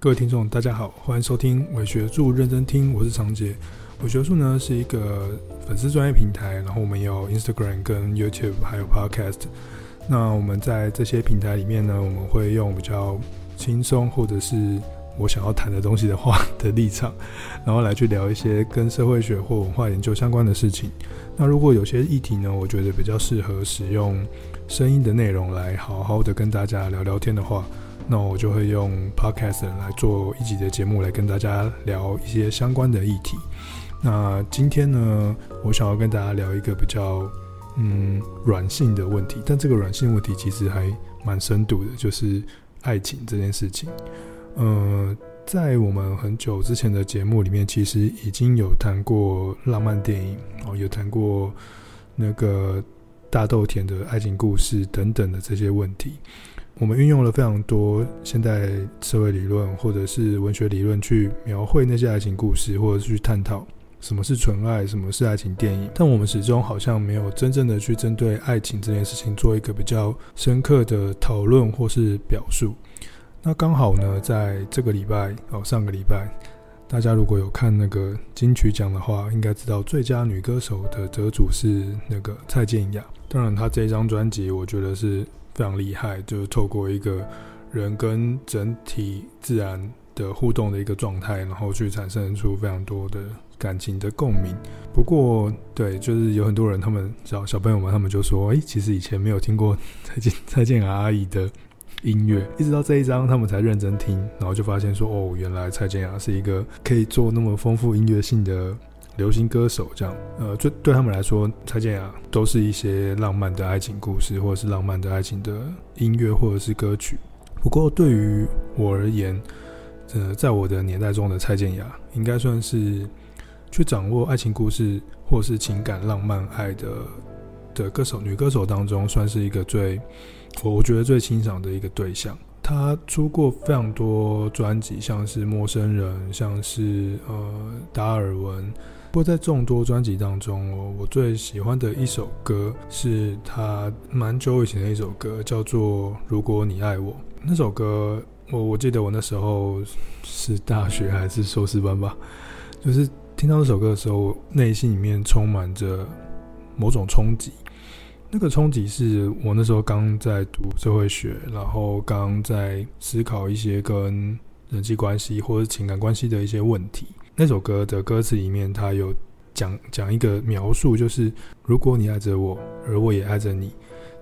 各位聽眾，大家好，歡迎收聽偽學術認真聽，我是長潔。偽學術呢是一個粉絲專業平台，然後我們有 Instagram、跟 YouTube，還有 Podcast。那我們在這些平台裡面呢，我們會用比較輕鬆，或者是我想要談的東西的話的立場，然後來去聊一些跟社會學或文化研究相關的事情。那如果有些議題呢，我覺得比較適合使用聲音的內容來好好的跟大家聊聊天的話，那我就會用 Podcast 來做一集的節目，來跟大家聊一些相關的議題。那今天呢，我想要跟大家聊一個比較嗯軟性的問題，但這個軟性問題其實還蠻深度的，就是愛情這件事情。嗯、呃，在我們很久之前的節目裡面，其實已經有談過浪漫電影，哦，有談過那個大豆田的愛情故事等等的這些問題。我們運用了非常多現代社會理論或者是文學理論去描繪那些愛情故事，或者是去探討什麼是純愛，什麼是愛情電影。但我們始終好像沒有真正的去針對愛情這件事情做一個比較深刻的討論或是表述。那剛好呢，在這個禮拜哦，上個禮拜，大家如果有看那個金曲獎的話，應該知道最佳女歌手的得主是那個蔡健雅。當然，她這一張專輯我覺得是。非常厲害，就是透過一個人跟整體自然的互動的一個狀態，然後去產生出非常多的感情的共鳴。不過，對，就是有很多人，他們小小朋友們，他們就說，哎、欸，其實以前沒有聽過蔡健蔡健雅阿姨的音樂，一直到這一張，他們才認真聽，然後就發現說，哦，原來蔡健雅是一個可以做那麼豐富音樂性的。流行歌手這樣，呃，最對他們來說，蔡健雅都是一些浪漫的愛情故事，或者是浪漫的愛情的音樂，或者是歌曲。不過，對於我而言，呃，在我的年代中的蔡健雅，應該算是去掌握愛情故事或者是情感浪漫愛的的歌手，女歌手當中算是一個最我我覺得最欣賞的一個對象。她出過非常多專輯，像是《陌生人》，像是，呃，《達爾文》。不過，在眾多專輯當中哦，我我最喜歡的一首歌是他蠻久以前的一首歌，叫做《如果你愛我》。那首歌，我我記得我那時候是大學還是碩士班吧，就是聽到這首歌的時候，內心裡面充滿着某種衝擊。那個衝擊是我那時候剛在讀社會學，然後剛在思考一些跟人際關係或者情感關係的一些問題。那首歌的歌詞裡面，它有講講一個描述，就是如果你愛着我，而我也愛着你，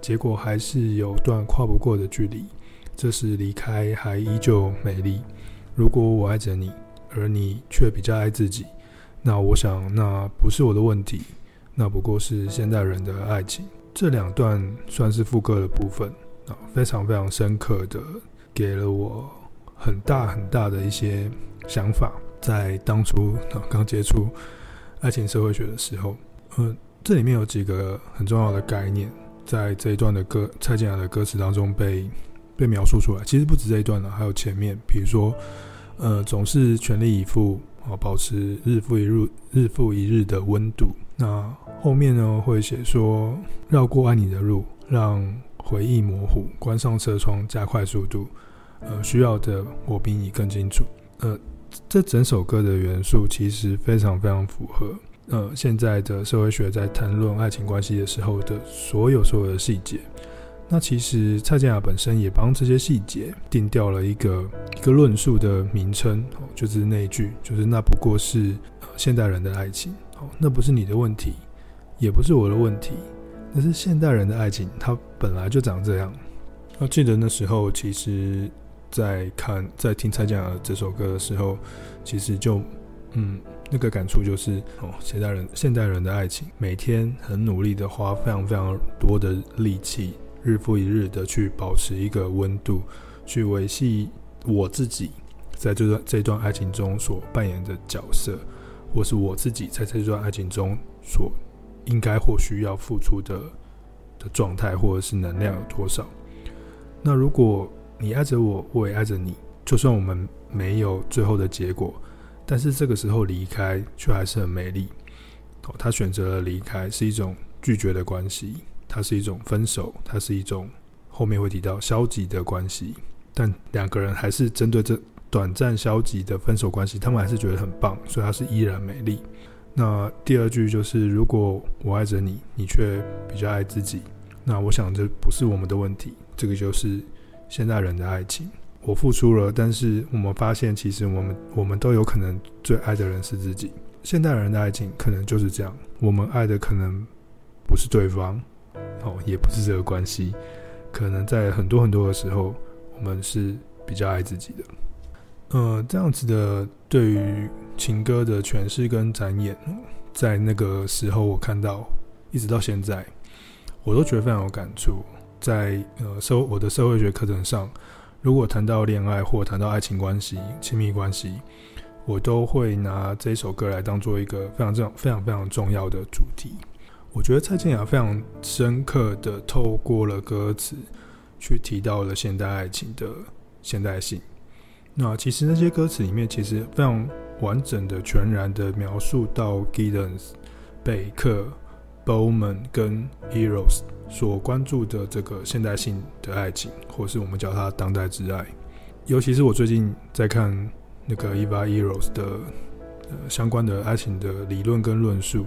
結果還是有段跨不過的距離。這時離開還依舊美麗。如果我愛着你，而你卻比較愛自己，那我想那不是我的問題，那不過是現代人的愛情。這兩段算是副歌的部分啊，非常非常深刻的給了我很大很大的一些想法。在當初，啊，剛接觸愛情社會學的時候，呃，這裡面有幾個很重要的概念，在這一段的歌蔡健雅的歌詞當中被被描述出來。其實不止這一段了，還有前面，比如說，呃，總是全力以赴，啊，保持日復一日、日復一日的溫度。那後面呢，會寫說繞過愛你的路，讓回憶模糊，關上車窗，加快速度。呃，需要的我比你更清楚。呃。這整首歌的元素其實非常非常符合，呃，現在的社會學在談論愛情關係的時候的所有所有的細節，那其實蔡健雅本身也幫這些細節定調了一個一個論述的名稱，哦、就是那一句，就是那不過是、呃、現代人的愛情、哦，那不是你的問題，也不是我的問題，那是現代人的愛情，它本來就長這樣。我、啊、記得那時候其實。在看，在聽蔡健雅這首歌的時候，其實就嗯那個感觸就是哦，現代人現代人的愛情，每天很努力的花非常非常多的力氣，日復一日的去保持一個溫度，去維繫我自己在這段這段愛情中所扮演的角色，或是我自己在這段愛情中所應該或需要付出的的狀態，或者是能量有多少？那如果。你愛着我，我也愛着你。就算我們沒有最後的結果，但是這個時候離開卻還是很美麗。哦，他選擇了離開，是一種拒絕的關係，它是一種分手，它是一種後面會提到消極的關係。但兩個人還是針對這短暫消極的分手關係，他們還是覺得很棒，所以他是依然美麗。那第二句就是，如果我愛着你，你卻比較愛自己，那我想這不是我們的問題。這個就是。現代人的愛情，我付出了，但是我們發現，其實我們我們都有可能最愛的人是自己。現代人的愛情可能就是這樣，我們愛的可能不是對方，哦，也不是這個關係，可能在很多很多的時候，我們是比較愛自己的。呃，這樣子的對於情歌的詮釋跟展演，在那個時候我看到，一直到現在，我都覺得非常有感觸。在呃，社我的社會學課程上，如果談到戀愛或談到愛情關係、親密關係，我都會拿這首歌來當做一個非常重、非常非常重要的主題。我覺得蔡健雅非常深刻的透過了歌詞去提到了現代愛情的現代性。那其實那些歌詞裡面，其實非常完整的、全然的描述到 Giddens、貝克、Bauman 跟 Illouz。所關注的這個現代性的愛情，或是我們叫它當代之愛，尤其是我最近在看那個 Eva Illouz 的相關的愛情的理論跟論述，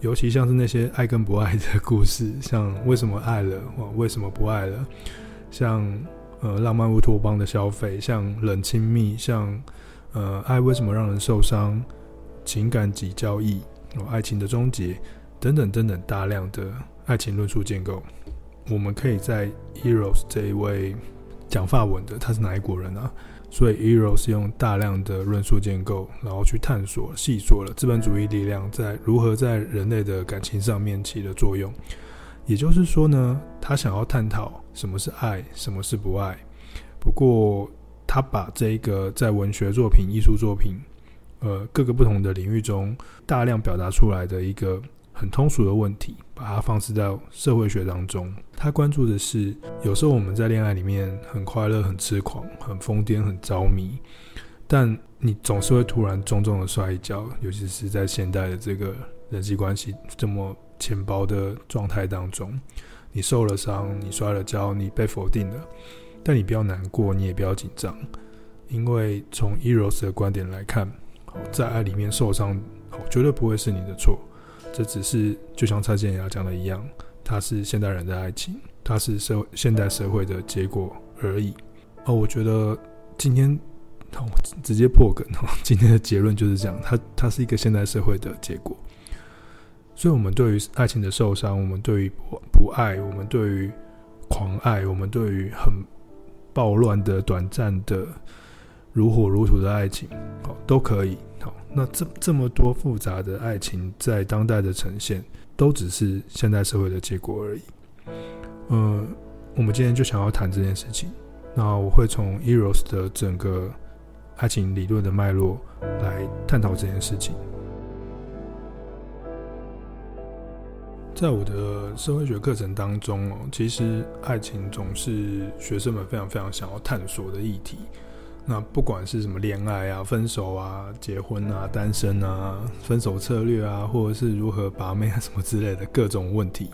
尤其像是那些愛跟不愛的故事，像為什麼愛了，或為什麼不愛了，像呃浪漫烏托邦的消費，像冷親密，像呃愛為什麼讓人受傷，情感即交易，愛情的終結等等等等，大量的。愛情論述建構，我們可以在 Illouz 這一位講法文的，他是哪一國人啊？所以 Illouz 用大量的論述建構，然後去探索細說了資本主義力量在如何在人類的感情上面起的作用。也就是說呢，他想要探討什麼是愛，什麼是不愛。不過他把這個在文學作品、藝術作品，呃，各個不同的領域中大量表達出來的一個。很通俗的問題，把它放置在社會學當中，他關注的是，有時候我們在戀愛裡面很快樂、很痴狂、很瘋癲、很着迷，但你總是會突然重重的摔一跤，尤其是在現代的這個人際關係這麼淺薄的狀態當中，你受了傷，你摔了跤，你被否定了，但你不要難過，你也不要緊張，因為從 Eros 的觀點來看，在愛裡面受傷，絕對不會是你的錯。這只是就像蔡健雅講的一樣，它是現代人的愛情，它是社會現代社會的結果而已。啊、哦，我覺得今天我、哦、直接破梗，今天的結論就是這樣，它它是一個現代社會的結果。所以，我們對於愛情的受傷，我們對於不，不愛，我們對於狂愛，我們對於很暴亂的短暫的。如火如荼的愛情，好，都可以。好，那這這麼多複雜的愛情在當代的呈現，都只是現代社會的結果而已。嗯，我們今天就想要談這件事情。那我會從 Eros 的整個愛情理論的脈絡來探討這件事情。在我的社會學課程當中哦，其實愛情總是學生們非常非常想要探索的議題。那不管是什麼戀愛啊、分手啊、結婚啊、單身啊、分手策略啊，或者是如何把妹啊什麼之類的各種問題，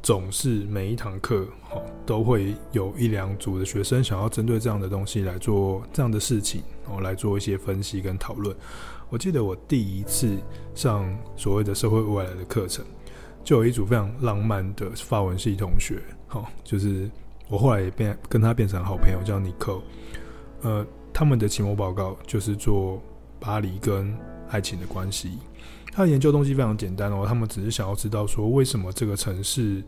總是每一堂課、哦、都會有一兩組的學生想要針對這樣的東西來做這樣的事情，然、哦、後來做一些分析跟討論。我記得我第一次上所謂的社會未來的課程，就有一組非常浪漫的法文系同學，好、哦，就是我後來也變跟他變成好朋友，叫尼克。呃，他們的期末報告就是做巴黎跟愛情的關係。他的研究東西非常簡單哦，他們只是想要知道說為什麼這個城市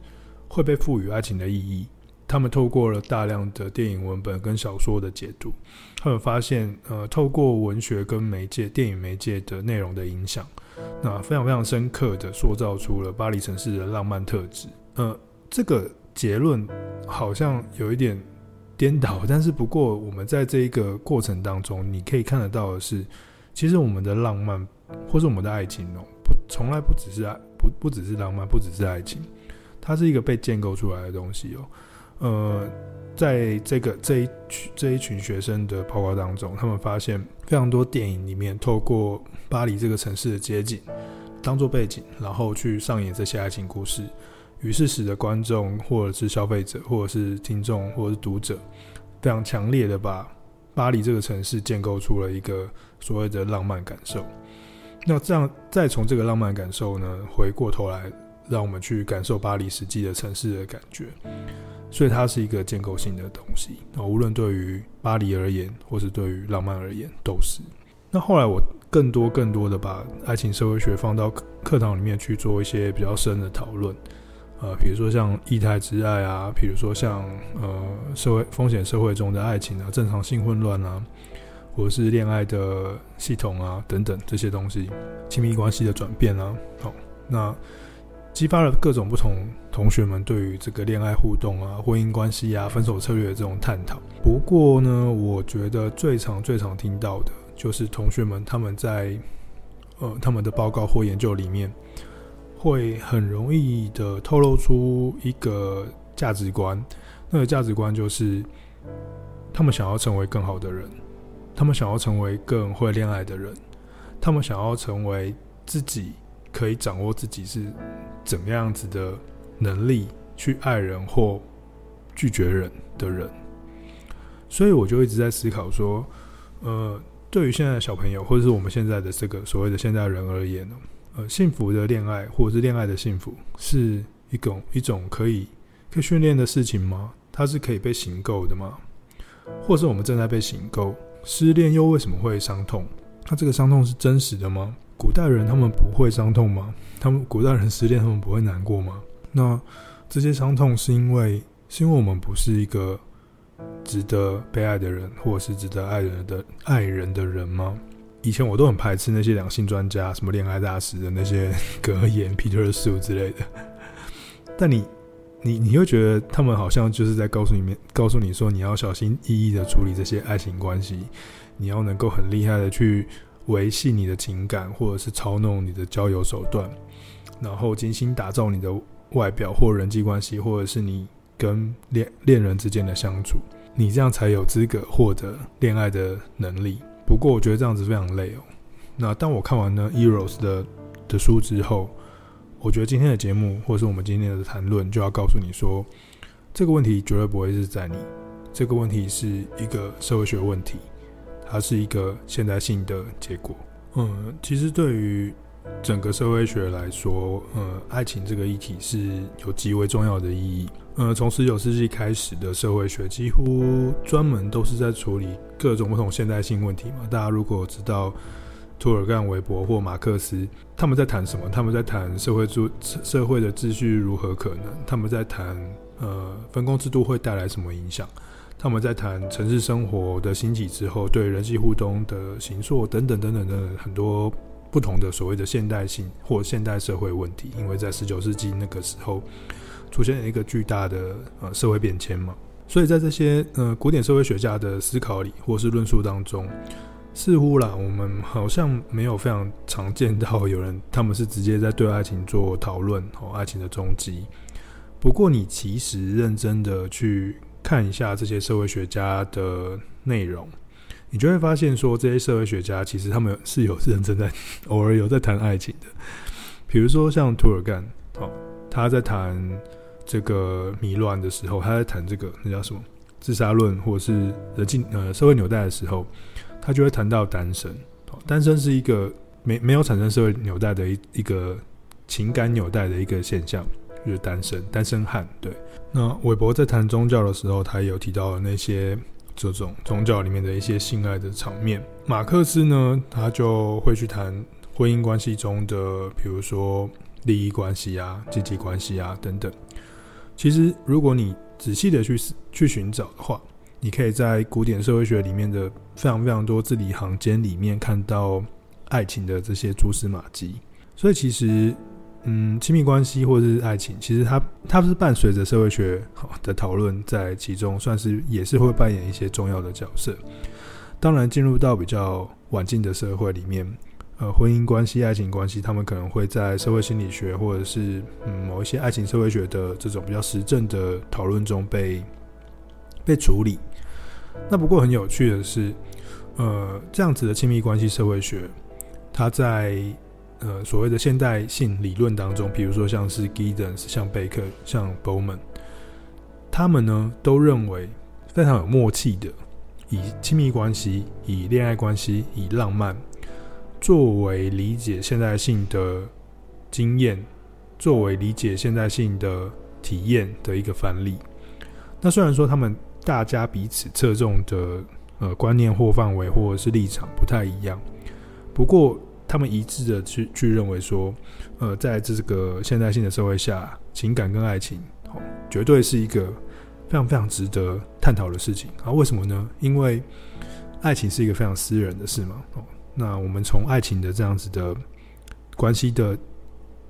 會被賦予愛情的意義。他們透過了大量的電影文本跟小說的解讀，他們發現，呃，透過文學跟媒介、電影媒介的內容的影響，那非常非常深刻的塑造出了巴黎城市的浪漫特質。呃，這個結論好像有一點顛倒，但是不過，我們在這一個過程當中，你可以看得到的是，其實我們的浪漫，或是我們的愛情哦，不，從來不只是愛，不不只是浪漫，不只是愛情，它是一個被建構出來的東西哦。呃，在這個這一群這一群學生的報告當中，他們發現非常多電影裡面透過巴黎這個城市的街景當作背景，然後去上演這些愛情故事。於是使得觀眾，或者是消費者，或者是聽眾，或者是讀者，非常強烈的把巴黎這個城市建構出了一個所謂的浪漫感受。那這樣再從這個浪漫感受呢，回過頭來讓我們去感受巴黎實際的城市的感覺。所以它是一個建構性的東西。那無論對於巴黎而言，或是對於浪漫而言，都是。那後來我更多更多的把愛情社會學放到課堂裡面去做一些比較深的討論。呃，比如說像液態之愛啊，比如說像呃社會風險社會中的愛情啊，正常性混亂啊，或者是戀愛的系統啊等等這些東西，親密關係的轉變啊，好，那激發了各種不同同學們對於這個戀愛互動啊、婚姻關係啊、分手策略的這種探討。不過呢，我覺得最常、最常聽到的就是同學們他們在呃他們的報告或研究裡面。會很容易的透露出一個價值觀，那個價值觀就是他們想要成為更好的人，他們想要成為更會戀愛的人，他們想要成為自己可以掌握自己是怎麼樣子的能力去愛人或拒絕人的人。所以我就一直在思考說，呃，對於現在的小朋友或者是我們現在的這個所謂的現在人而言呢？呃，幸福的戀愛，或者是戀愛的幸福，是一種一種可以可以訓練的事情嗎？它是可以被形構的嗎？或是我們正在被形構？失戀又為什麼會傷痛？那這個傷痛是真實的嗎？古代人他們不會傷痛嗎？他們古代人失戀他們不會難過嗎？那這些傷痛是因為是因為我們不是一個值得被愛的人，或者是值得愛人的、的愛人的人嗎？以前我都很排斥那些兩性專家，什麼戀愛大師的那些格言，Peter Sue 之類的。但你，你，你又覺得他們好像就是在告訴你們，告訴你說你要小心翼翼的處理這些愛情關係，你要能夠很厲害的去維繫你的情感，或者是操弄你的交友手段，然後精心打造你的外表或人際關係，或者是你跟戀戀人之間的相處，你這樣才有資格獲得戀愛的能力。不過我覺得這樣子非常累哦。那當我看完呢 Eros 的的書之後，我覺得今天的節目或是我們今天的談論，就要告訴你說，這個問題絕對不會是在你，這個問題是一個社會學問題，它是一個現代性的結果。嗯，其實對於整個社會學來說，嗯，愛情這個議題是有極為重要的意義。呃，從十九世紀開始的社會學，幾乎專門都是在處理各種不同現代性問題嘛。大家如果知道涂爾幹、韋伯或馬克思，他們在談什麼？他們在談社會秩社會的秩序如何可能？他們在談呃分工制度會帶來什麼影響？他們在談城市生活的興起之後對人際互動的形塑等等等等等等，很多不同的所謂的現代性或現代社會問題。因為在十九世紀那個時候，出現一個巨大的呃社會變遷嘛，所以在這些呃古典社會學家的思考裡，或是論述當中，似乎啦，我們好像沒有非常常見到有人他們是直接在對愛情做討論哦，愛情的終極。不過，你其實認真的去看一下這些社會學家的內容，你就會發現說，這些社會學家其實他們是有認真在偶爾有在談愛情的，比如說像涂爾幹哦，他在談。這個迷亂的時候，他在談這個，那叫什麼自殺論，或者是呃進，呃社會紐帶的時候，他就會談到單身。單身是一個沒沒有產生社會紐帶的一一個情感紐帶的一個現象，就是單身單身漢。對，那韋伯在談宗教的時候，他也有提到了那些這種宗教裡面的一些性愛的場面。馬克思呢，他就會去談婚姻關係中的，比如說利益關係啊、階級關係啊等等。其實，如果你仔細的去去尋找的話，你可以在古典社會學裡面的非常非常多字裡行間裡面看到愛情的這些蛛絲馬跡。所以，其實，嗯，親密關係或者是愛情，其實它它是伴隨着社會學的討論，在其中算是也是會扮演一些重要的角色。當然，進入到比較晚近的社會裡面。呃，婚姻關係、愛情關係，他們可能會在社會心理學，或者是嗯某一些愛情社會學的這種比較實證的討論中被被處理。那不過很有趣的是，呃，這樣子的親密關係社會學，它在呃所謂的現代性理論當中，比如說像是 Giddens、像貝克、像 Bauman，他們呢都認為非常有默契的，以親密關係、以戀愛關係、以浪漫。作為理解現代性的經驗，作為理解現代性的體驗的一個範例，那雖然說他們大家彼此側重的呃觀念或範圍或者是立場不太一樣，不過他們一致的去去認為說，呃，在這個現代性的社會下，情感跟愛情哦，絕對是一個非常非常值得探討的事情啊。為什麼呢？因為愛情是一個非常私人的事嘛，哦。那我們從愛情的這樣子的關係的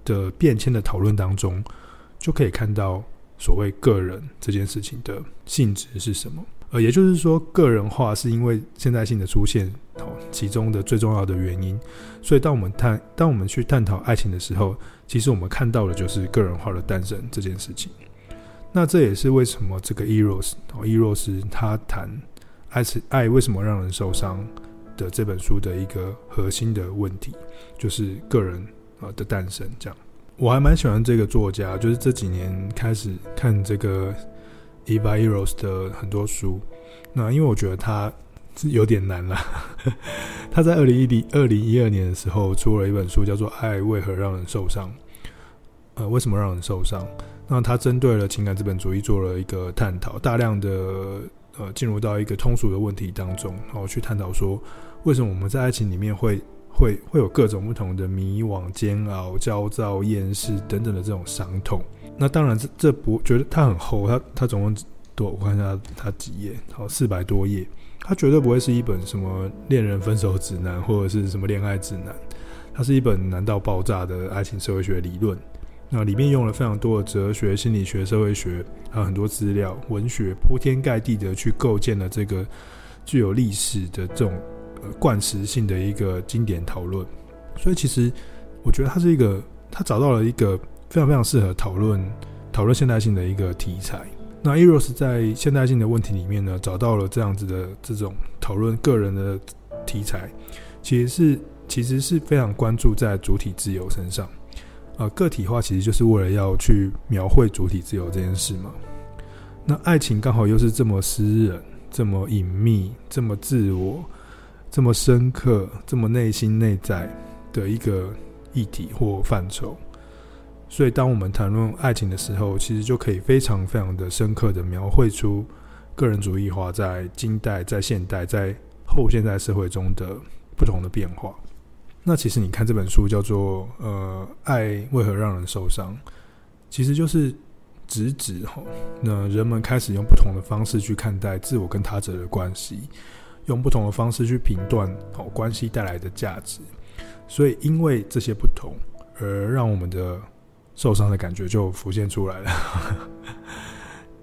的變遷的討論當中，就可以看到所謂個人這件事情的性質是什麼？呃，也就是說，個人化是因為現代性的出現，其中的最重要的原因。所以，當我們探當我們去探討愛情的時候，其實我們看到的就是個人化的誕生這件事情。那這也是為什麼這個 Illouz 哦，Illouz 他談愛是愛為什麼讓人受傷。的這本書的一個核心的問題，就是個人啊的誕生這樣。我還蠻喜歡這個作家，就是這幾年開始看這個 Eva Illouz 的很多書。那因為我覺得他有點難啦。他在二零一零二零一二年的時候出了一本書，叫做《愛為何讓人受傷》。呃，為什麼讓人受傷？那他針對了情感資本主義做了一個探討，大量的呃進入到一個通俗的問題當中，然後去探討說。為什麼我們在愛情裡面會會會有各種不同的迷惘、煎熬、焦躁、厭世等等的這種傷痛？那當然這，這這不覺得它很厚，它它總共多，我看一下它幾頁，好，四百多頁，它絕對不會是一本什麼戀人分手指南或者是什麼戀愛指南，它是一本難到爆炸的愛情社會學理論。那裡面用了非常多的哲學、心理學、社會學還有很多資料、文學，鋪天蓋地的去構建了這個具有歷史的這種。呃，慣時性的一個經典討論，所以其實我覺得他是一個，他找到了一個非常非常適合討論討論現代性的一個題材。那 Eros 在現代性的問題裡面呢，找到了這樣子的這種討論個人的題材，其實是其實是非常關注在主體自由身上，呃，個體化其實就是為了要去描繪主體自由這件事嘛。那愛情剛好又是這麼私人、這麼隱祕、這麼自我。這麼深刻、這麼內心內在的一個議題或範疇，所以當我們談論愛情的時候，其實就可以非常、非常的深刻的描繪出個人主義化在近代、在現代、在後現代社會中的不同的變化。那其實你看這本書叫做呃，《愛為何讓人受傷》，其實就是直指哈，那人們開始用不同的方式去看待自我跟他者的關係。用不同的方式去評斷好關係帶來的價值，所以因為這些不同而讓我們的受傷的感覺就浮現出來了。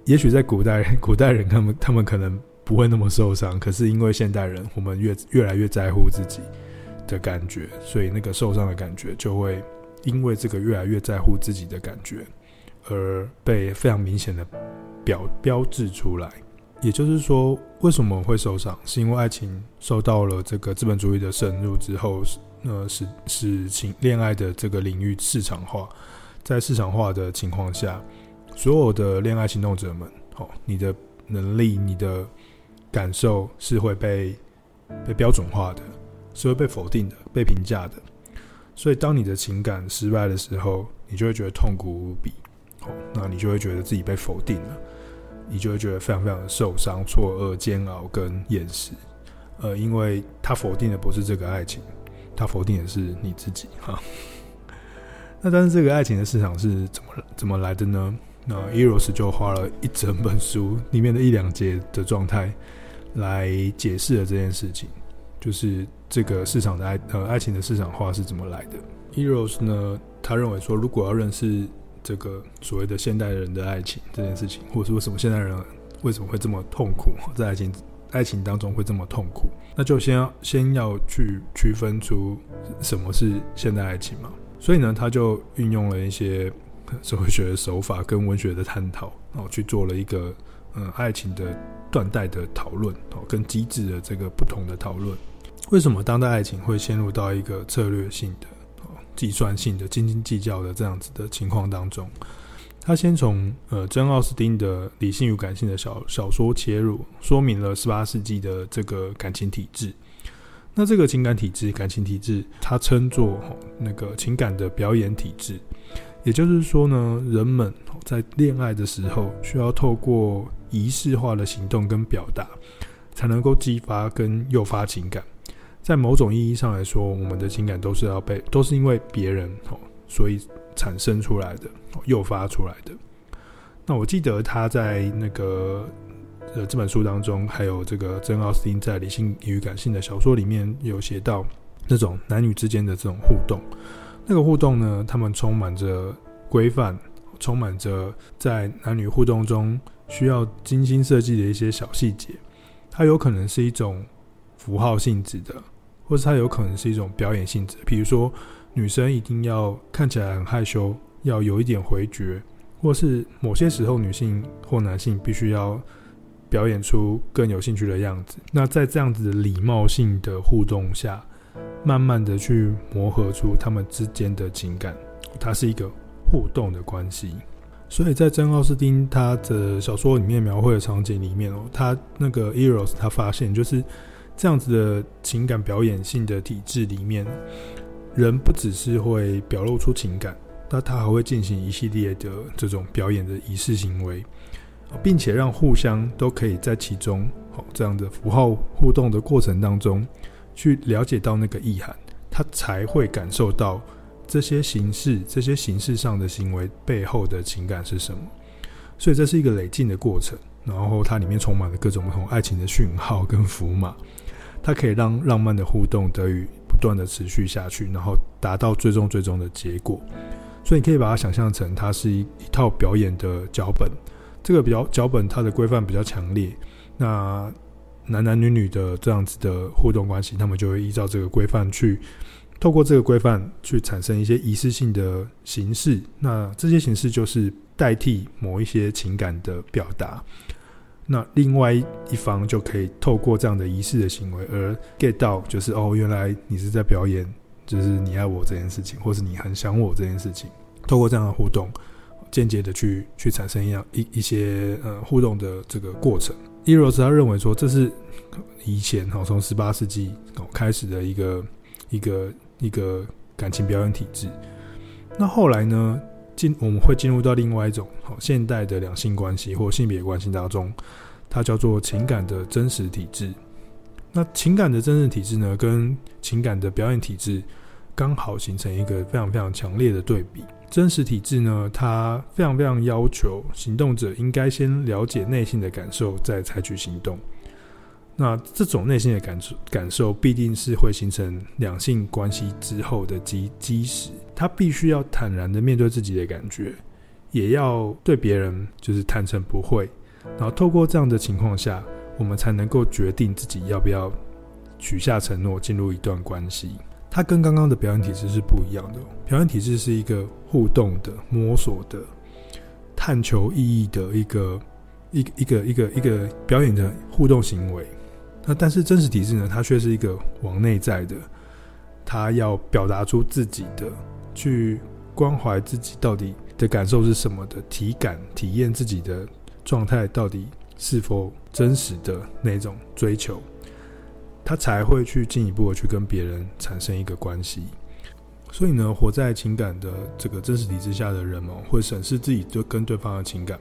也許在古代，古代人他們他們可能不會那麼受傷，可是因為現代人，我們越越來越在乎自己的感覺，所以那個受傷的感覺就會因為這個越來越在乎自己的感覺而被非常明顯的表標誌出來。也就是說，為什麼會受傷？是因為愛情受到了這個資本主義的滲入之後，使呃使使情戀愛的這個領域市場化。在市場化的情況下，所有的戀愛行動者們，哦，你的能力、你的感受是會被被標準化的，是會被否定的、被評價的。所以，當你的情感失敗的時候，你就會覺得痛苦無比。哦，那你就會覺得自己被否定了。你就會覺得非常非常的受傷、錯愕、煎熬跟厭食，呃，因為他否定的不是這個愛情，他否定的是你自己哈。那但是這個愛情的市場是怎麼怎麼來的呢？那 Illouz 就花了一整本書裡面的一兩節的狀態來解釋了這件事情，就是這個市場的愛呃愛情的市場化是怎麼來的。Illouz 呢，他認為說如果要認識。這個所謂的現代人的愛情這件事情，或者是為什麼現代人為什麼會這麼痛苦，在愛情愛情當中會這麼痛苦？那就先要先要去區分出什麼是現代愛情嘛。所以呢，他就運用了一些社會學的手法跟文學的探討然後去做了一個嗯愛情的斷代的討論哦，跟機制的這個不同的討論。為什麼當代愛情會陷入到一個策略性的？計算性的斤斤計較的這樣子的情況當中，他先從呃珍奧斯汀的理性與感性的小小說切入，說明了十八世紀的這個感情體制。那這個情感體制、感情體制，他稱作、哦、那個情感的表演體制。也就是說呢，人們在戀愛的時候，需要透過儀式化的行動跟表達，才能夠激發跟誘發情感。在某種意義上來說，我們的情感都是要被，都是因為別人哦、喔，所以產生出來的，喔、誘發出來的。那我記得他在那個呃這本書當中，還有這個珍奧斯汀在《理性與感性》的小說裡面有寫到，那種男女之間的這種互動，那個互動呢，他們充滿着規範，充滿着在男女互動中需要精心設計的一些小細節，它有可能是一種符號性質的。或是它有可能是一種表演性質，比如說女生一定要看起來很害羞，要有一點回絕，或是某些時候女性或男性必須要表演出更有興趣的樣子。那在這樣子禮貌性的互動下，慢慢的去磨合出他們之間的情感，它是一個互動的關係。所以在珍·奧斯汀他的小說裡面描繪的場景裡面哦，他那個 Eros 他發現就是。這樣子的情感表演性的體制裡面，人不只是會表露出情感，那他還會進行一系列的這種表演的儀式行為，並且讓互相都可以在其中，哦，這樣的符號互動的過程當中，去了解到那個意涵，他才會感受到這些形式、這些形式上的行為背後的情感是什麼。所以這是一個累進的過程，然後它裡面充滿了各種不同愛情的訊號跟符碼。它可以讓浪漫的互動得以不斷的持續下去，然後達到最終最終的結果。所以你可以把它想象成，它是一一套表演的腳本。這個表腳本，它的規範比較強烈。那男男女女的這樣子的互動關係，他們就會依照這個規範去，透過這個規範去產生一些儀式性的形式。那這些形式就是代替某一些情感的表達。那另外一方就可以透過這樣的儀式的行為而 get 到，就是哦，原來你是在表演，就是你愛我這件事情，或是你很想我這件事情。透過這樣的互動，間接的去去產生一樣一一些呃互動的這個過程。Illouz 他認為說，這是以前哦，從十八世紀哦開始的一個一個一個感情表演體制。那後來呢？進我們會進入到另外一種好現代的兩性關係或性別關係當中，它叫做情感的真實體制。那情感的真實體制呢，跟情感的表演體制剛好形成一個非常非常強烈的對比。真實體制呢，它非常非常要求行動者應該先了解內心的感受，再採取行動。那這種內心的感觸感受，必定是會形成兩性關係之後的基基石。他必須要坦然的面對自己的感覺，也要對別人就是坦誠不諱。然後透過這樣的情況下，我們才能夠決定自己要不要許下承諾，進入一段關係。它跟剛剛的表演體制是不一樣的。表演體制是一個互動的、摸索的、探求意義的一個、一、一個、一個、一、一個表演的互動行為。那但是真實體制呢？它卻是一個往內在的，他要表達出自己的，去關懷自己到底的感受是什麼的體感體驗自己的狀態到底是否真實的那種追求，他才會去進一步的去跟別人產生一個關係。所以呢，活在情感的這個真實體制下的人哦，會審視自己就跟對方的情感，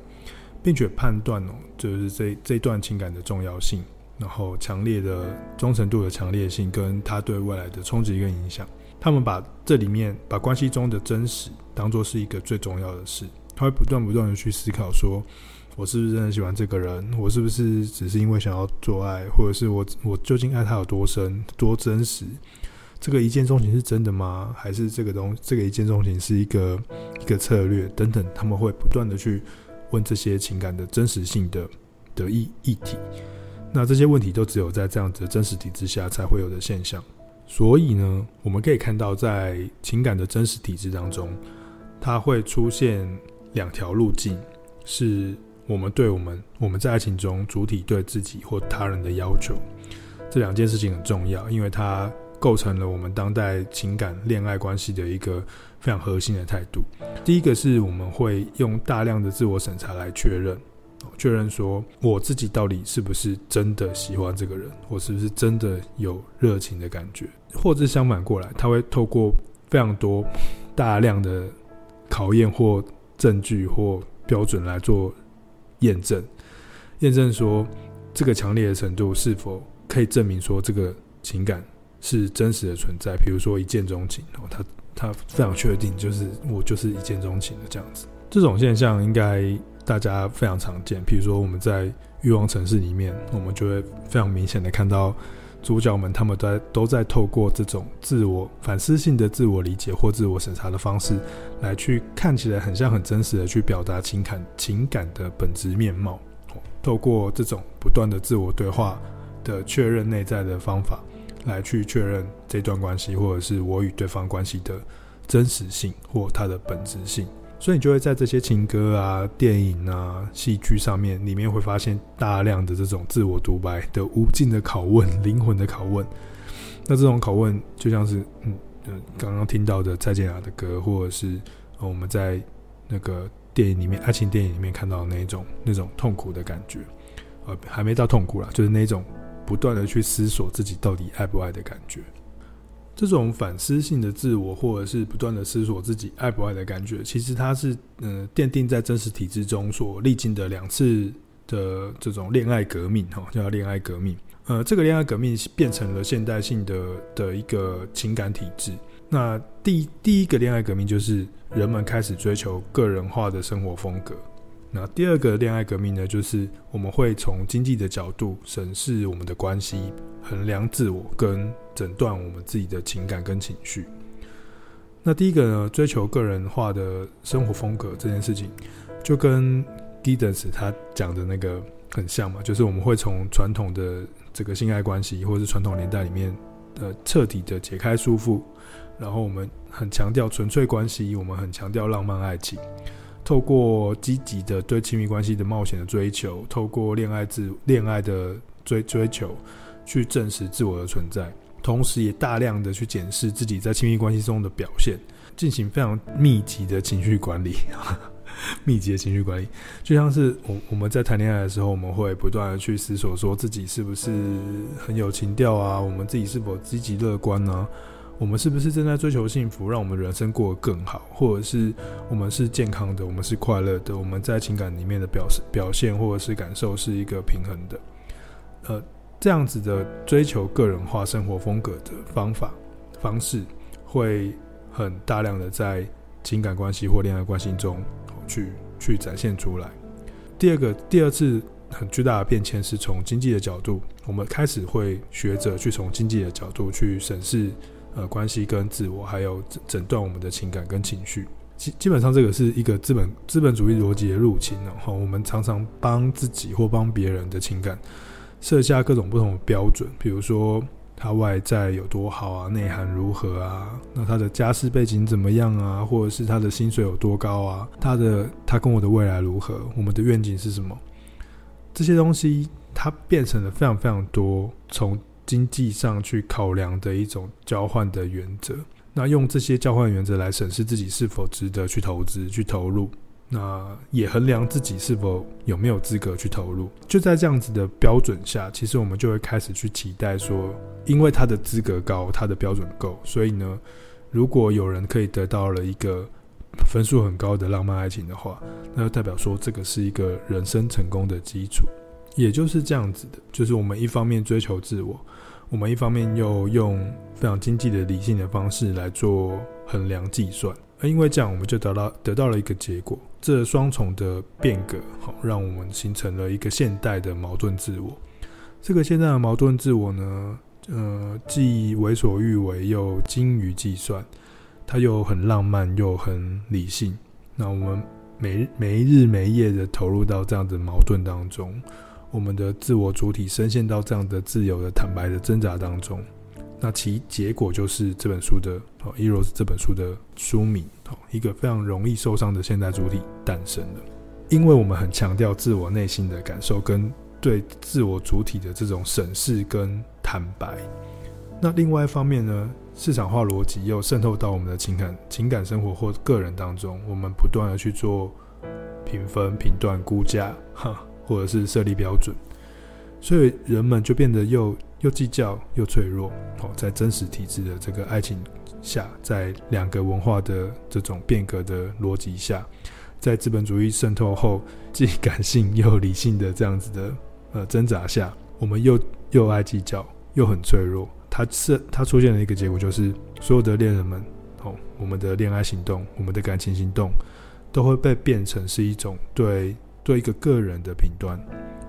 並且判斷哦，就是這這段情感的重要性。然後強烈的忠誠度的強烈性，跟他對未來的衝擊跟影響，他們把這裡面把關係中的真實當做是一個最重要的事。他會不斷不斷的去思考，說我是不是真的喜歡這個人？我是不是只是因為想要做愛，或者是我我究竟愛他有多深、多真實這真這？這個一見鍾情是真的嗎？還是這個東這個一見鍾情是一個一個策略等等？他們會不斷的去問這些情感的真實性的的一議，議題。那這些問題都只有在這樣子的真實體制下才會有的現象，所以呢，我們可以看到，在情感的真實體制當中，它會出現兩條路徑，是我們對我們我們在愛情中主體對自己或他人的要求，這兩件事情很重要，因為它構成了我們當代情感戀愛關係的一個非常核心的態度。第一個是我們會用大量的自我審查來確認。確認說，我自己到底是不是真的喜歡這個人，我是不是真的有熱情的感覺，或是相反過來，他會透過非常多、大量的考驗或證據或標準來做驗證，驗證說這個強烈的程度是否可以證明說這個情感是真實的存在。比如說一見鍾情，然後他他非常確定，就是我就是一見鍾情的這樣子。這種現象應該大家非常常見，譬如說我們在欲望城市裡面，我們就會非常明顯的看到主角們，他們都在都在透過這種自我反思性的自我理解或自我審查的方式來去看起來很像很真實的去表達情感，情感的本質面貌，透過這種不斷的自我對話的確認內在的方法，來去確認這段關係或者是我與對方關係的真實性或它的本質性。所以你就會在這些情歌啊、電影啊、戲劇上面，裡面會發現大量的這種自我獨白的無盡的拷問、靈魂的拷問。那這種拷問就像是，嗯，剛剛聽到的蔡健雅的歌，或者是我們在那個電影裡面、愛情電影裡面看到的那種、那種痛苦的感覺，還沒到痛苦啦，就是那種不斷的去思索自己到底愛不愛的感覺。這種反思性的自我，或者是不斷地思索自己愛不愛的感覺，其實它是嗯、呃、奠定在真實體制中所歷經的兩次的這種戀愛革命，哈，叫戀愛革命。呃，這個戀愛革命變成了現代性的的一個情感體制。那第第一個戀愛革命就是人們開始追求個人化的生活風格。那第二個戀愛革命呢，就是我們會從經濟的角度審視我們的關係。衡量自我跟診斷我們自己的情感跟情緒。那第一個呢，追求個人化的生活風格這件事情，就跟 Giddens 他講的那個很像嘛，就是我們會從傳統的這個性愛關係，或者是傳統年代裡面、呃、徹底的解開束縛，然後我們很強調純粹關係，我們很強調浪漫愛情，透過積極的對親密關係的冒險的追求，透過戀愛自戀愛的追追求。去證實自我的存在，同時也大量的去檢視自己在親密關係中的表現，進行非常密集的情緒管理， 密集的情緒管理，就像是我我們在談戀愛的時候，我們會不斷的去思索，說自己是不是很有情調啊？我們自己是否積極樂觀呢、啊？我們是不是正在追求幸福，讓我們人生過得更好？或者是我們是健康的，我們是快樂的？我們在情感裡面的表示表現或者是感受是一個平衡的，呃。這樣子的追求個人化生活風格的方法方式，會很大量的在情感關係或戀愛關係中去去展現出來。第二個第二次很巨大的變遷是從經濟的角度，我們開始會學着去從經濟的角度去審視呃關係跟自我，還有診斷我們的情感跟情緒。基基本上這個是一個資本資本主義邏輯的入侵了哈、哦。我們常常幫自己或幫別人的情感，設下各種不同的標準，比如說他外在有多好啊，內涵如何啊，那他的家世背景怎麼樣啊，或者是他的薪水有多高啊，他的他跟我的未來如何，我們的願景是什麼？這些東西它變成了非常非常多從經濟上去考量的一種交換的原則。那用這些交換的原則來審視自己是否值得去投資、去投入。那也衡量自己是否有沒有資格去投入，就在這樣子的標準下，其實我們就會開始去期待說，因為他的資格高，他的標準夠，所以呢，如果有人可以得到了一個分數很高的浪漫愛情的話，那就代表說這個是一個人生成功的基礎，也就是這樣子的，就是我們一方面追求自我，我們一方面又用非常經濟的理性的方式來做衡量計算，而因為這樣，我們就得到得到了一個結果。這雙重的變革，好，讓我們形成了一個現代的矛盾自我。這個現代的矛盾自我呢，呃，既為所欲為，又精於計算，它又很浪漫，又很理性。那我們每每日每夜的投入到這樣的矛盾當中，我們的自我主體深陷到這樣的自由的坦白的掙扎當中。那其結果就是這本書的哦，Eros 是這本書的書名哦，一個非常容易受傷的現代主體誕生了。因為我們很強調自我內心的感受跟對自我主體的這種審視跟坦白。那另外一方面呢，市場化邏輯又滲透到我們的情感情感生活或個人當中，我們不斷的去做評分、評斷、估價，哈，或者是設立標準，所以人們就變得又。又計較又脆弱，哦，在真實體制的這個愛情下，在兩個文化的這種變革的邏輯下，在資本主義滲透後，既感性又理性的這樣子的呃掙扎下，我們又又愛計較又很脆弱，它是它出現的一個結果，就是所有的戀人們哦，我們的戀愛行動，我們的感情行動，都會被變成是一種對對一個個人的評斷，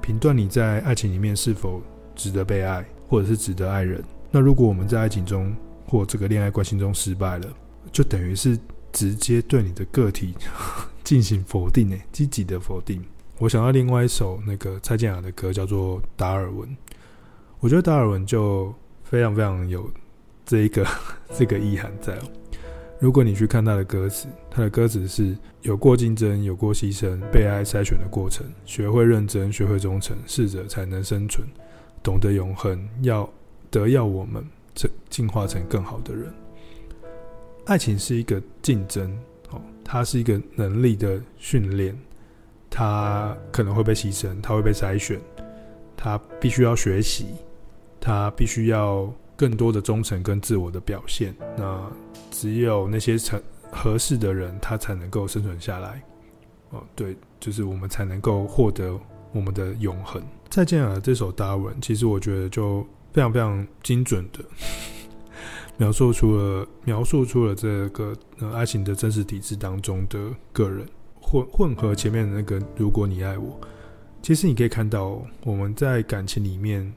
評斷你在愛情裡面是否值得被愛。或者是值得愛人。那如果我們在愛情中或這個戀愛關係中失敗了，就等於是直接對你的個體進 行否定誒，積極的否定。我想到另外一首那個蔡健雅的歌叫做《達爾文》，我覺得達爾文就非常非常有這一個這個意涵在喔。如果你去看他的歌詞，他的歌詞是有過競爭，有過犧牲，被愛篩選的過程，學會認真，學會忠誠，適者才能生存。懂得永恆，要得要我們進化成更好的人。愛情是一個競爭，哦，它是一個能力的訓練，它可能會被犧牲，它會被篩選，它必須要學習，它必須要更多的忠誠跟自我的表現。那只有那些成合適的人，他才能夠生存下來。哦，對，就是我們才能夠獲得。我們的永恆，再見了、啊。這首打文其實我覺得就非常非常精準的呵呵描述出了描述出了這個、呃、愛情的真實體制當中的個人混混合前面的那個。如果你愛我，其實你可以看到我們在感情裡面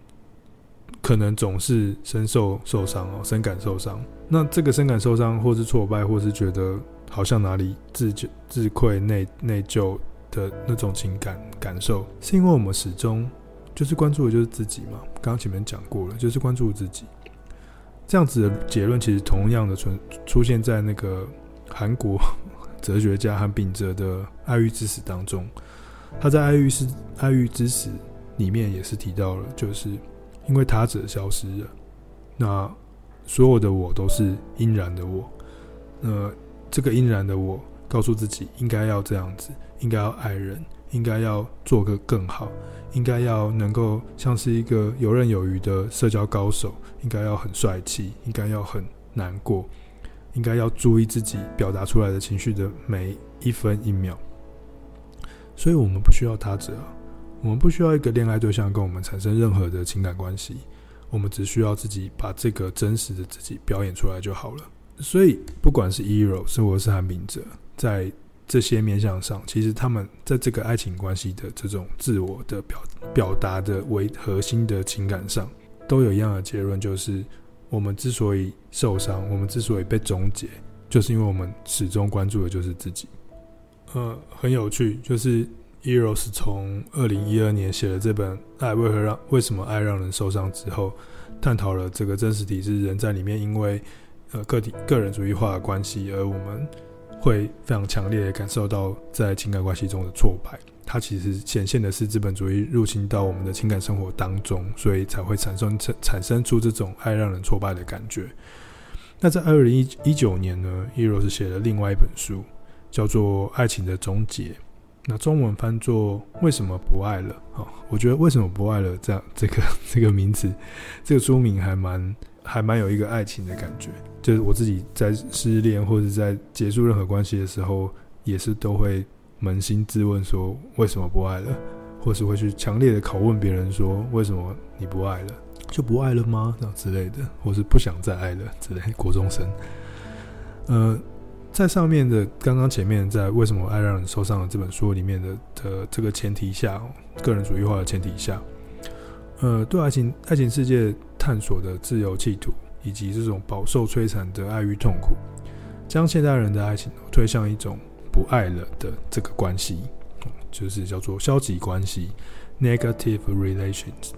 可能總是深受受傷哦，深感受傷。那這個深感受傷，或是挫敗，或是覺得好像哪裡自自愧內內疚。的那種情感感受，是因為我們始終就是關注的就是自己嘛？剛前面講過了，就是關注自己。這樣子的結論其實同樣的存出現在那個韓國哲學家韓炳哲的《愛欲之死》當中。他在愛《愛欲是愛欲之死》裡面也是提到了，就是因為他者消失了，那所有的我都是應然的我。那、呃、這個應然的我告訴自己應該要這樣子。應該要愛人，應該要做個更好，應該要能夠像是一個游刃有餘的社交高手，應該要很帥氣，應該要很難過，應該要注意自己表達出來的情緒的每一分一秒。所以我們不需要他者，我們不需要一個戀愛對象跟我們產生任何的情感關係，我們只需要自己把這個真實的自己表演出來就好了。所以，不管是 Illouz，生活是韓炳哲，在。這些面向上，其實他們在這個愛情關係的這種自我的表表達的為核心的情感上，都有一樣的結論，就是我們之所以受傷，我們之所以被終結，就是因為我們始終關注的就是自己。呃，很有趣，就是 Illouz 從二零一二年寫了這本《愛為何讓為什麼愛讓人受傷》之後，探討了這個真實體是人在裡面，因為呃個體個人主義化的關係，而我們。會非常強烈地感受到在情感關係中的挫敗，它其實顯現的是資本主義入侵到我們的情感生活當中，所以才會產生產產生出這種愛讓人挫敗的感覺。那在二零一一九年呢，伊羅斯寫了另外一本書，叫做《愛情的終結》，那中文翻作《為什麼不愛了》啊、哦，我覺得《為什麼不愛了》這樣這個這個名字，這個書名還蠻。還蠻有一個愛情的感覺，就是我自己在失戀或者在結束任何關係的時候，也是都會捫心自問說為什麼不愛了，或是會去強烈的拷問別人說為什麼你不愛了就不愛了嗎？這樣之類的，或是不想再愛了之類的。國中生，呃，在上面的剛剛前面在為什麼愛讓人受傷的這本書裡面的的這個前提下，個人主義化的前提下，呃，對愛情愛情世界。探索的自由企圖以及這種飽受摧殘的愛與痛苦，將現代人的愛情推向一種不愛了的這個關係，就是叫做消極關係 （negative relations）。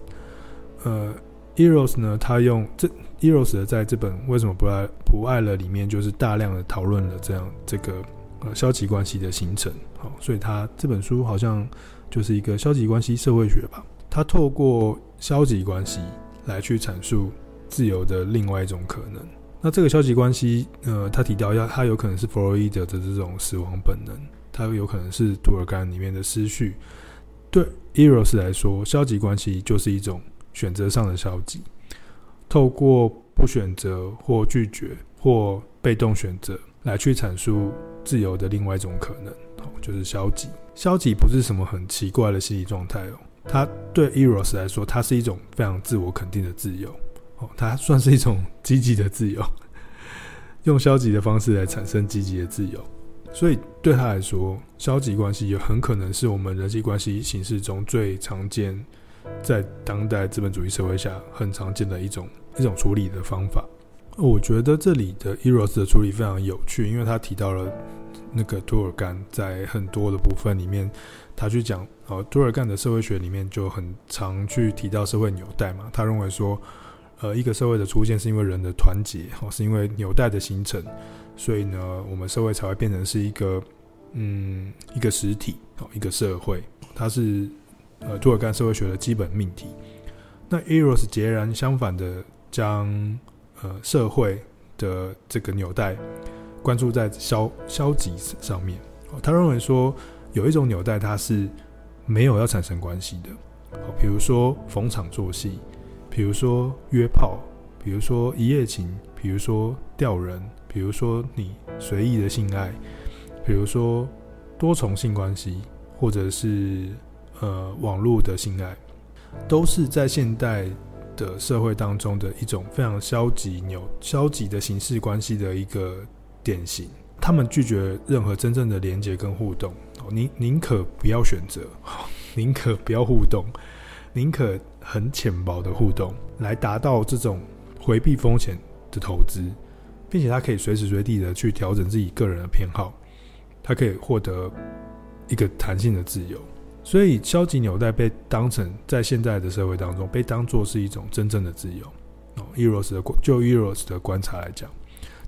呃、Eros 呢，他用這 Eros 在這本《為什麼不愛不愛了》裡面，就是大量的討論了這樣這個呃消極關係的形成。所以他這本書好像就是一個消極關係社會學吧？他透過消極關係。來去闡述自由的另外一種可能。那這個消極關係，呃，他提到要，他有可能是弗洛伊德的這種死亡本能，他有可能是圖爾幹裡面的思緒。對 Eros 來說，消極關係就是一種選擇上的消極，透過不選擇或拒絕或被動選擇來去闡述自由的另外一種可能，哦，就是消極。消極不是什麼很奇怪的心理狀態哦。他對 Illouz 來說，它是一種非常自我肯定的自由，哦，它算是一種積極的自由，用消極的方式來產生積極的自由，所以對他來說，消極關係也很可能是我們人際關係形式中最常見，在當代資本主義社會下很常見的一種一種處理的方法。我覺得這裡的 Illouz 的處理非常有趣，因為他提到了那個涂爾幹在很多的部分裡面。他去講哦，涂爾幹的社會學裡面就很常去提到社會紐帶嘛。他認為說，呃，一個社會的出現是因為人的團結哦，是因為紐帶的形成，所以呢，我們社會才會變成是一個嗯一個實體哦，一個社會。它是呃涂爾幹社會學的基本命題。那 Eros 截然相反的將，將呃社會的這個紐帶關注在消消極上面，哦，他認為說。有一種紐帶，它是沒有要產生關係的，比如說逢場作戲，比如說約炮，比如說一夜情，比如說釣人，比如說你隨意的性愛，比如說多重性關係，或者是呃網絡的性愛，都是在現代的社會當中的一種非常消極、扭消極的形式關係的一個典型。他們拒絕任何真正的連接跟互動。寧寧可不要選擇，寧可不要互動，寧可很淺薄的互動，來達到這種回避風險的投資，並且他可以隨時隨地的去調整自己個人的偏好，他可以獲得一個彈性的自由。所以消極紐帶被當成在現在的社會當中被當作是一種真正的自由。哦、oh，Eros 的，就 Eros 的觀察來講，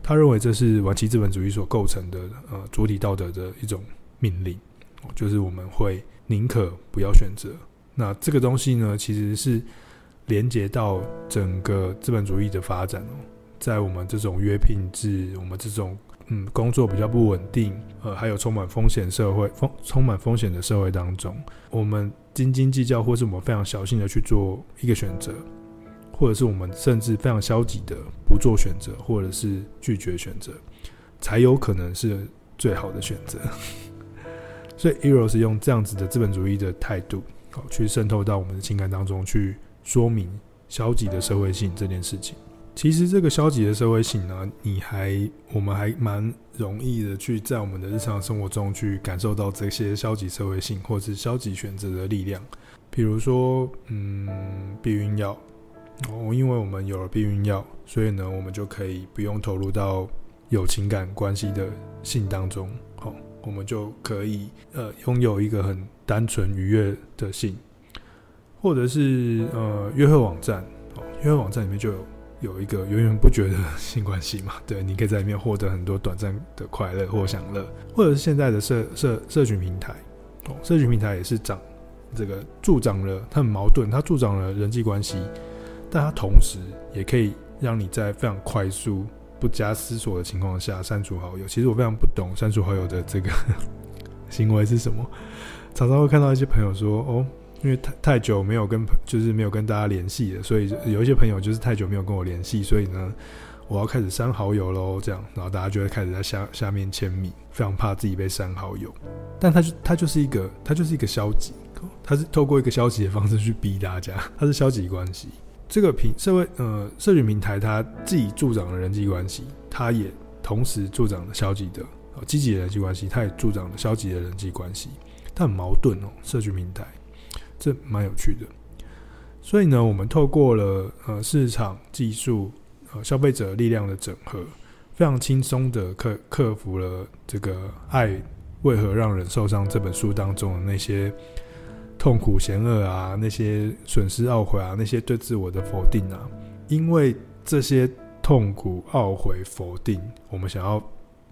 他認為這是晚期資本主義所構成的呃主體道德的一種命令，就是我們會寧可不要選擇。那這個東西呢，其實是連接到整個資本主義的發展哦。在我們這種約聘制，我們這種嗯工作比較不穩定，呃，還有充滿風險社會，充充滿風險的社會當中，我們斤斤計較，或是我們非常小心地去做一個選擇，或者是我們甚至非常消極地不做選擇，或者是拒絕選擇，才有可能是最好的選擇。 所以，Eros 是用這樣子的資本主義的態度，去滲透到我們的情感當中，去說明消極的社會性這件事情。其實，這個消極的社會性呢，你還我們還蠻容易的去在我們的日常生活中去感受到這些消極社會性或是消極選擇的力量。比如說，嗯，避孕藥，哦，因為我們有了避孕藥，所以呢，我們就可以不用投入到有情感關係的性當中。我們就可以，呃，擁有一個很單純愉悅的性，或者是呃約會網站，哦，約會網站裡面就有有一個源源不絕的性關係嘛，對，你可以在裡面獲得很多短暫的快樂或享樂，或者是現在的社社社群平台，哦，社群平台也是長這個助長了，它很矛盾，它助長了人際關係，但它同時也可以讓你在非常快速。不加思索的情況下刪除好友，其實我非常不懂刪除好友的這個行為是什麼。常常會看到一些朋友說：“哦，因為太太久沒有跟就是沒有跟大家聯繫了，所以有一些朋友就是太久沒有跟我聯繫，所以呢，我要開始刪好友嘍。”這樣，然後大家就會開始在下下面簽名，非常怕自己被刪好友。但他就他就是一個他就是一個消極，哦，他是透過一個消極的方式去逼大家，他是消極關係。這個平社會呃，社群平台它自己助長了人際關係，它也同時助長了消極的、哦、積極的人際關係，它也助長了消極的人際關係，它很矛盾哦。社群平台，這蠻有趣的。所以呢，我們透過了呃市場、技術、呃消費者力量的整合，非常輕鬆的克克服了這個《愛為何讓人受傷》這本書當中的那些。痛苦、嫌惡啊，那些損失、懊悔啊，那些對自我的否定啊，因為這些痛苦、懊悔、否定，我們想要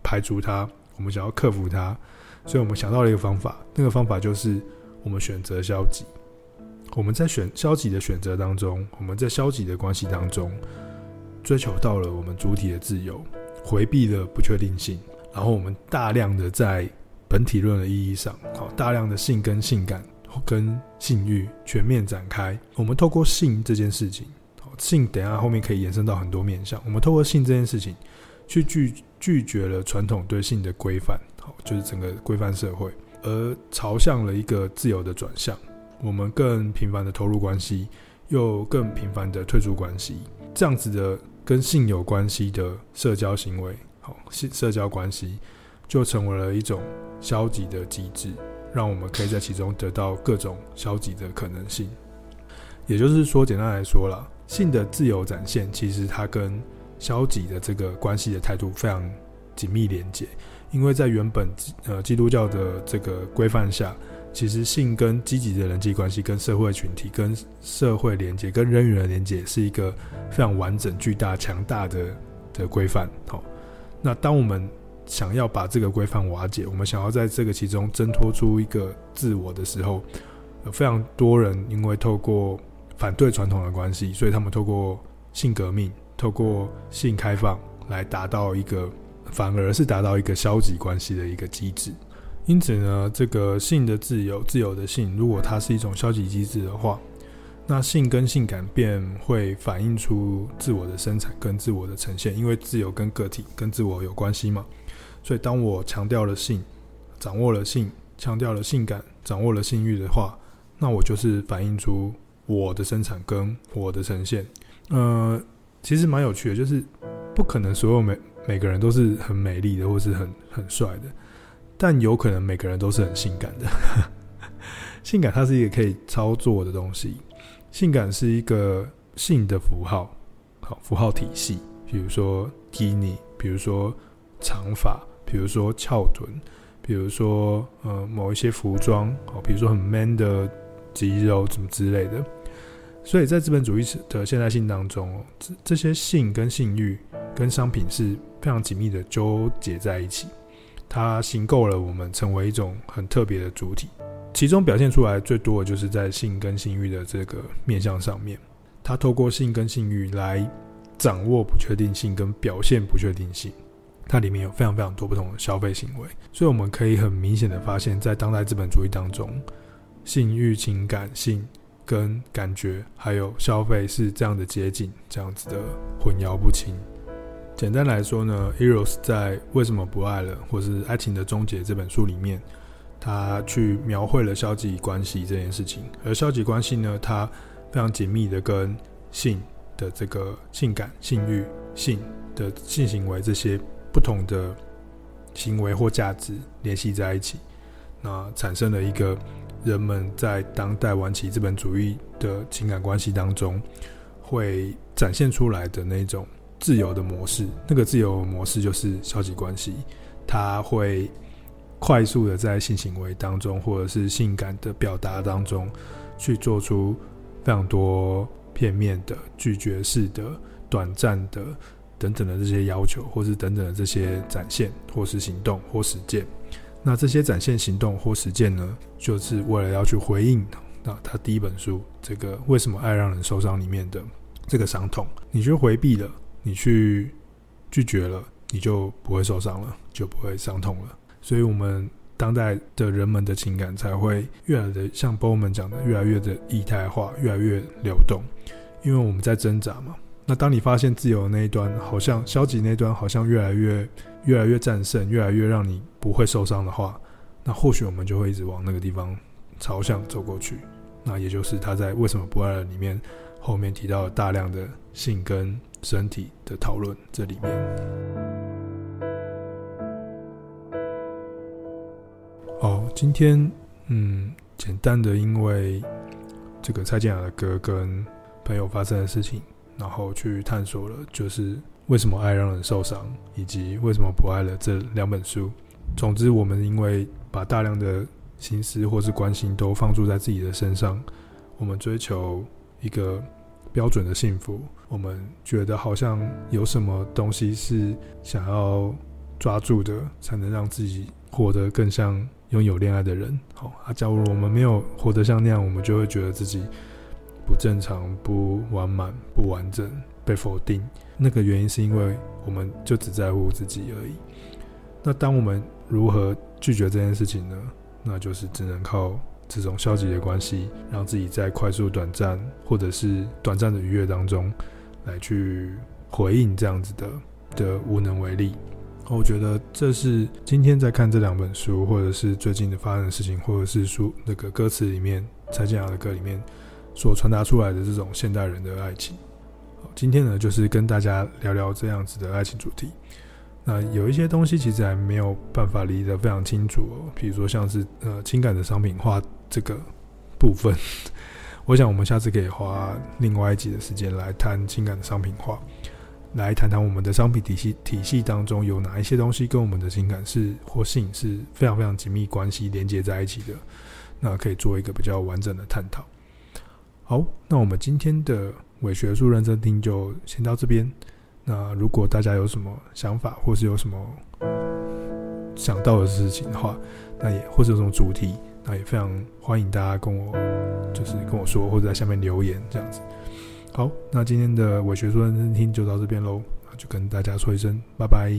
排除它，我們想要克服它，所以我們想到了一個方法，那個方法就是我們選擇消極。我們在選消極的選擇當中，我們在消極的關係當中，追求到了我們主體的自由，回避了不確定性，然後我們大量的在本體論的意義上，好，大量的性跟性感。跟性慾全面展開，我們透過性這件事情，性等下後面可以延伸到很多面向。我們透過性這件事情，去拒拒絕了傳統對性的規範，就是整個規範社會，而朝向了一個自由的轉向。我們更頻繁的投入關係，又更頻繁的退出關係，這樣子的跟性有關係的社交行為，好，社社交關係，就成為了一種消極的機制。讓我們可以在其中得到各種消極的可能性，也就是說，簡單來說了，性的自由展現，其實它跟消極的這個關係的態度非常緊密連接。因為在原本呃基督教的這個規範下，其實性跟積極的人際關係、跟社會群體、跟社會連接、跟人與人連接，是一個非常完整、巨大、強大的的規範。好，那當我們想要把這個規範瓦解，我們想要在這個其中掙脫出一個自我的時候，有非常多人因為透過反對傳統的關係，所以他們透過性革命、透過性開放來達到一個，反而是達到一個消極關係的一個機制。因此呢，這個性的自由、自由的性，如果它是一種消極機制的話，那性跟性感便會反映出自我的生產跟自我的呈現，因為自由跟個體、跟自我有關係嘛。所以，當我強調了性，掌握了性，強調了性感，掌握了性慾的話，那我就是反映出我的生產跟我的呈現。呃，其實蠻有趣的，就是不可能所有每每個人都是很美麗的，或是很很帥的，但有可能每個人都是很性感的。 性感它是一個可以操作的東西，性感是一個性的符號，好，符號體系，比如說基尼，比如說長髮。比如說翹臀，比如說呃某一些服裝，哦，比如說很 man 的肌肉什麼之類的。所以在資本主義的現代性當中，這這些性跟性欲跟商品是非常緊密的糾結在一起，它形構了我們成為一種很特別的主體。其中表現出來最多的就是在性跟性欲的這個面向上面，它透過性跟性欲來掌握不確定性跟表現不確定性。它裡面有非常非常多不同的消費行為，所以我們可以很明顯的發現，在當代資本主義當中，性欲、情感性跟感覺，還有消費是這樣的接近，這樣子的混淆不清。簡單來說呢，Eros 在《為什麼不愛了》或是《愛情的終結》這本書裡面，他去描繪了消極關係這件事情，而消極關係呢，它非常緊密的跟性的這個性感、性欲、性的性行為這些不同的行為或價值聯繫在一起，那產生了一個人們在當代晚期資本主義的情感關係當中會展現出來的那種自由的模式。那個自由模式就是消極關係，它會快速的在性行為當中或者是性感的表達當中去做出非常多片面的、拒絕式的、短暫的。等等的這些要求，或是等等的這些展現，或是行動，或實踐。那這些展現、行動或實踐呢，就是為了要去回應那他第一本書《這個為什麼愛讓人受傷》裡面的這個傷痛。你去回避了，你去拒絕了，你就不會受傷了，就不會傷痛了。所以，我們當代的人們的情感才會越來的，像鮑曼講的，越來越的液態化，越來越流動，因為我們在掙扎嘛。那當你發現自由的那一端好像消極那一端好像越來越、越來越戰勝，越來越讓你不會受傷的話，那或許我們就會一直往那個地方朝向走過去。那也就是他在《為什麼不愛了》裡面後面提到了大量的性跟身體的討論，這裡面。好、哦，今天嗯，簡單的因為這個蔡健雅的歌跟朋友發生的事情。然後去探索了，就是為什麼愛讓人受傷，以及為什麼不愛了這兩本書。總之，我們因為把大量的心思或是關心都放在在自己的身上，我們追求一個標準的幸福。我們覺得好像有什麼東西是想要抓住的，才能讓自己活得更像擁有戀愛的人。好，啊，假如我們沒有活得像那樣，我們就會覺得自己。不正常、不完滿、不完整，被否定。那個原因是因為我們就只在乎自己而已。那當我們如何拒絕這件事情呢？那就是只能靠這種消極的關係，讓自己在快速、短暫，或者是短暫的愉悅當中，來去回應這樣子的的無能為力。我覺得這是今天在看這兩本書，或者是最近的發生的事情，或者是書那個歌詞裡面，蔡健雅的歌裡面。所傳達出來的這種現代人的愛情，好，今天呢就是跟大家聊聊這樣子的愛情主題。那有一些東西其實還沒有辦法理得非常清楚哦，比如說像是呃情感的商品化這個部分， 我想我們下次可以花另外一集的時間來談情感的商品化，來談談我們的商品體系體系當中有哪一些東西跟我們的情感是或性是非常非常緊密關係連接在一起的，那可以做一個比較完整的探討。好，那我們今天的偽學術認真聽就先到這邊。那如果大家有什麼想法，或是有什麼想到的事情的話，那也或是有什麼主題，那也非常歡迎大家跟我就是跟我說，或者在下面留言這樣子。好，那今天的偽學術認真聽就到這邊嘍。那就跟大家說一聲，拜拜。